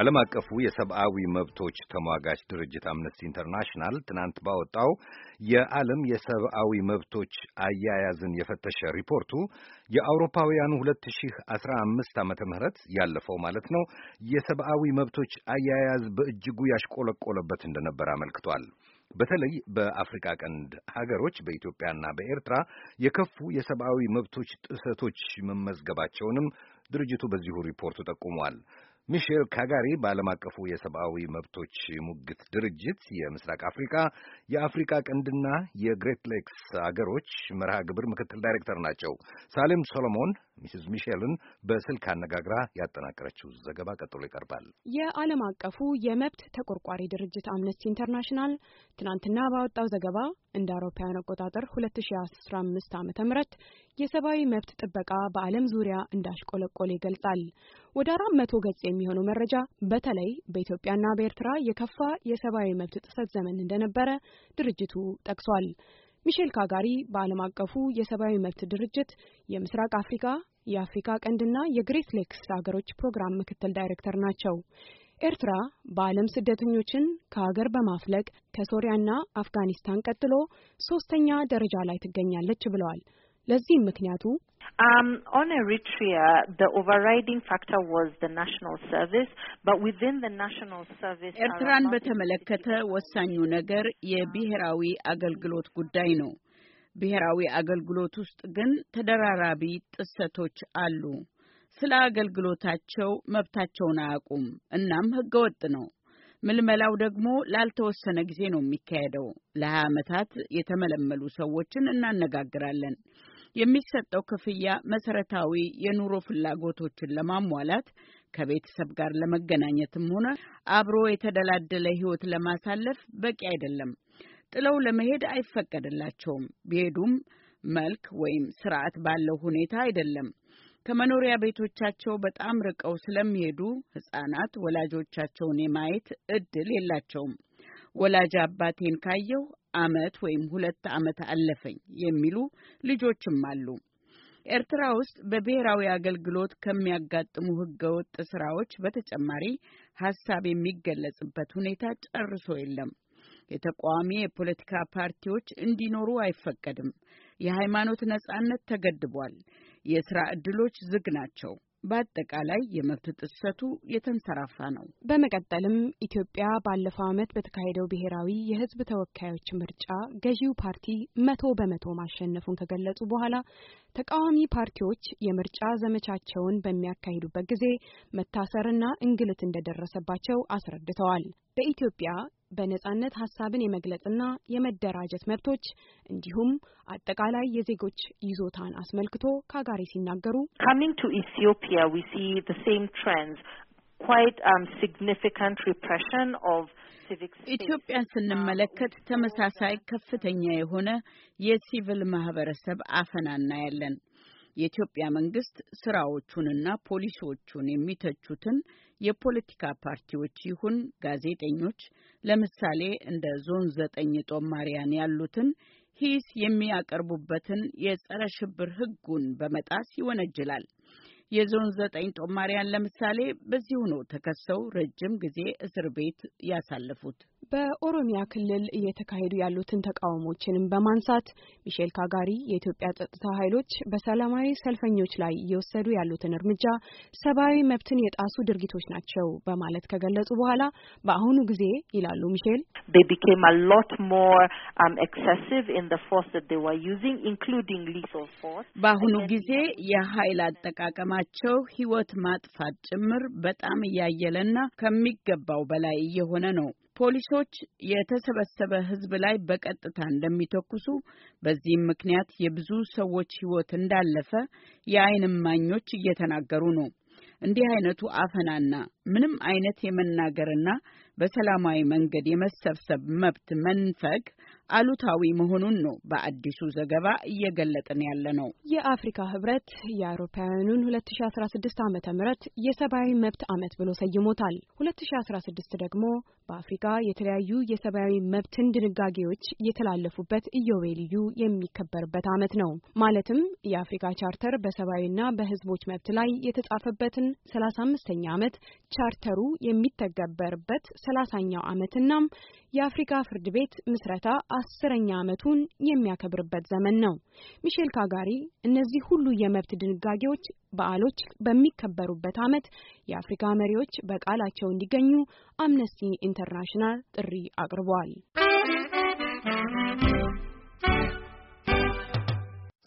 ዓለም አቀፉ የሰብአዊ መብቶች ተሟጋች ድርጅት አምነስቲ ኢንተርናሽናል ትናንት ባወጣው የዓለም የሰብአዊ መብቶች አያያዝን የፈተሸ ሪፖርቱ የአውሮፓውያኑ 2015 ዓመተ ምህረት ያለፈው ማለት ነው የሰብአዊ መብቶች አያያዝ በእጅጉ ያሽቆለቆለበት እንደነበር አመልክቷል። በተለይ በአፍሪካ ቀንድ ሀገሮች በኢትዮጵያና በኤርትራ የከፉ የሰብአዊ መብቶች ጥሰቶች መመዝገባቸውንም ድርጅቱ በዚሁ ሪፖርቱ ጠቁሟል። ሚሼል ካጋሪ በዓለም አቀፉ የሰብአዊ መብቶች ሙግት ድርጅት የምስራቅ አፍሪካ የአፍሪካ ቀንድና የግሬት ሌክስ አገሮች መርሃ ግብር ምክትል ዳይሬክተር ናቸው። ሳሌም ሶሎሞን ሚስስ ሚሼልን በስልክ አነጋግራ ያጠናቀረችው ዘገባ ቀጥሎ ይቀርባል። የዓለም አቀፉ የመብት ተቆርቋሪ ድርጅት አምነስቲ ኢንተርናሽናል ትናንትና ባወጣው ዘገባ እንደ አውሮፓውያን አቆጣጠር 2015 ዓ.ም የሰብአዊ መብት ጥበቃ በዓለም ዙሪያ እንዳሽቆለቆለ ይገልጻል። ወደ አራት መቶ ገጽ የሚሆነው መረጃ በተለይ በኢትዮጵያና በኤርትራ የከፋ የሰብአዊ መብት ጥሰት ዘመን እንደነበረ ድርጅቱ ጠቅሷል። ሚሼል ካጋሪ በዓለም አቀፉ የሰብአዊ መብት ድርጅት የምስራቅ አፍሪካ የአፍሪካ ቀንድና የግሬት ሌክስ ሀገሮች ፕሮግራም ምክትል ዳይሬክተር ናቸው። ኤርትራ በዓለም ስደተኞችን ከሀገር በማፍለቅ ከሶሪያና አፍጋኒስታን ቀጥሎ ሶስተኛ ደረጃ ላይ ትገኛለች ብለዋል። ለዚህም ምክንያቱ um, ኤርትራን በተመለከተ ወሳኙ ነገር የብሔራዊ አገልግሎት ጉዳይ ነው። ብሔራዊ አገልግሎት ውስጥ ግን ተደራራቢ ጥሰቶች አሉ። ስለ አገልግሎታቸው መብታቸውን አያውቁም፣ እናም ህገወጥ ነው። ምልመላው ደግሞ ላልተወሰነ ጊዜ ነው የሚካሄደው። ለሀያ ዓመታት የተመለመሉ ሰዎችን እናነጋግራለን። የሚሰጠው ክፍያ መሰረታዊ የኑሮ ፍላጎቶችን ለማሟላት ከቤተሰብ ጋር ለመገናኘትም ሆነ አብሮ የተደላደለ ህይወት ለማሳለፍ በቂ አይደለም። ጥለው ለመሄድ አይፈቀድላቸውም። ቢሄዱም መልክ ወይም ስርዓት ባለው ሁኔታ አይደለም። ከመኖሪያ ቤቶቻቸው በጣም ርቀው ስለሚሄዱ ህጻናት ወላጆቻቸውን የማየት እድል የላቸውም። ወላጅ አባቴን ካየሁ ዓመት ወይም ሁለት ዓመት አለፈኝ የሚሉ ልጆችም አሉ። ኤርትራ ውስጥ በብሔራዊ አገልግሎት ከሚያጋጥሙ ህገወጥ ስራዎች በተጨማሪ ሀሳብ የሚገለጽበት ሁኔታ ጨርሶ የለም። የተቃዋሚ የፖለቲካ ፓርቲዎች እንዲኖሩ አይፈቀድም። የሃይማኖት ነጻነት ተገድቧል። የስራ ዕድሎች ዝግ ናቸው። በአጠቃላይ የመብት ጥሰቱ የተንሰራፋ ነው። በመቀጠልም ኢትዮጵያ ባለፈው ዓመት በተካሄደው ብሔራዊ የሕዝብ ተወካዮች ምርጫ ገዢው ፓርቲ መቶ በመቶ ማሸነፉን ከገለጹ በኋላ ተቃዋሚ ፓርቲዎች የምርጫ ዘመቻቸውን በሚያካሂዱበት ጊዜ መታሰርና እንግልት እንደደረሰባቸው አስረድተዋል። በኢትዮጵያ በነጻነት ሀሳብን የመግለጽና የመደራጀት መብቶች እንዲሁም አጠቃላይ የዜጎች ይዞታን አስመልክቶ ከጋሪ ሲናገሩ ካሚንግ ቱ ኢትዮጵያ ዊ ሲ ዘ ሴም ትሬንድስ ኳይት ሲግኒፊካንት ሪፕሬሽን ኦፍ ኢትዮጵያን um, ስንመለከት ተመሳሳይ ከፍተኛ የሆነ የሲቪል ማህበረሰብ አፈና እናያለን። የኢትዮጵያ መንግስት ስራዎቹንና ፖሊሲዎቹን የሚተቹትን የፖለቲካ ፓርቲዎች ይሁን ጋዜጠኞች ለምሳሌ እንደ ዞን ዘጠኝ ጦማሪያን ያሉትን ሂስ የሚያቀርቡበትን የጸረ ሽብር ሕጉን በመጣስ ይወነጅላል። የዞን ዘጠኝ ጦማሪያን ለምሳሌ በዚሁ ነው ተከሰው ረጅም ጊዜ እስር ቤት ያሳለፉት። በኦሮሚያ ክልል እየተካሄዱ ያሉትን ተቃውሞችንም በማንሳት ሚሼል ካጋሪ የኢትዮጵያ ጸጥታ ኃይሎች በሰላማዊ ሰልፈኞች ላይ እየወሰዱ ያሉትን እርምጃ ሰብአዊ መብትን የጣሱ ድርጊቶች ናቸው በማለት ከገለጹ በኋላ በአሁኑ ጊዜ ይላሉ ሚሼል በአሁኑ ጊዜ የኃይል አጠቃቀማ የሚገጥማቸው ሕይወት ማጥፋት ጭምር በጣም እያየለና ከሚገባው በላይ እየሆነ ነው። ፖሊሶች የተሰበሰበ ሕዝብ ላይ በቀጥታ እንደሚተኩሱ በዚህም ምክንያት የብዙ ሰዎች ሕይወት እንዳለፈ የዓይን እማኞች እየተናገሩ ነው። እንዲህ አይነቱ አፈናና ምንም አይነት የመናገርና በሰላማዊ መንገድ የመሰብሰብ መብት መንፈግ አሉታዊ መሆኑን ነው በአዲሱ ዘገባ እየገለጥን ያለ ነው። የአፍሪካ ህብረት የአውሮፓውያኑን 2016 ዓመተ ምህረት የሰብአዊ መብት ዓመት ብሎ ሰይሞታል። 2016 ደግሞ በአፍሪካ የተለያዩ የሰብአዊ መብትን ድንጋጌዎች የተላለፉበት ኢዮቤልዩ የሚከበርበት ዓመት ነው። ማለትም የአፍሪካ ቻርተር በሰብአዊና በህዝቦች መብት ላይ የተጻፈበትን 35ኛ ዓመት ቻርተሩ የሚተገበርበት ሰላሳኛው ዓመትናም የአፍሪካ ፍርድ ቤት ምስረታ አስረኛ ዓመቱን የሚያከብርበት ዘመን ነው። ሚሼል ካጋሪ እነዚህ ሁሉ የመብት ድንጋጌዎች በዓሎች በሚከበሩበት ዓመት የአፍሪካ መሪዎች በቃላቸው እንዲገኙ አምነስቲ ኢንተርናሽናል ጥሪ you.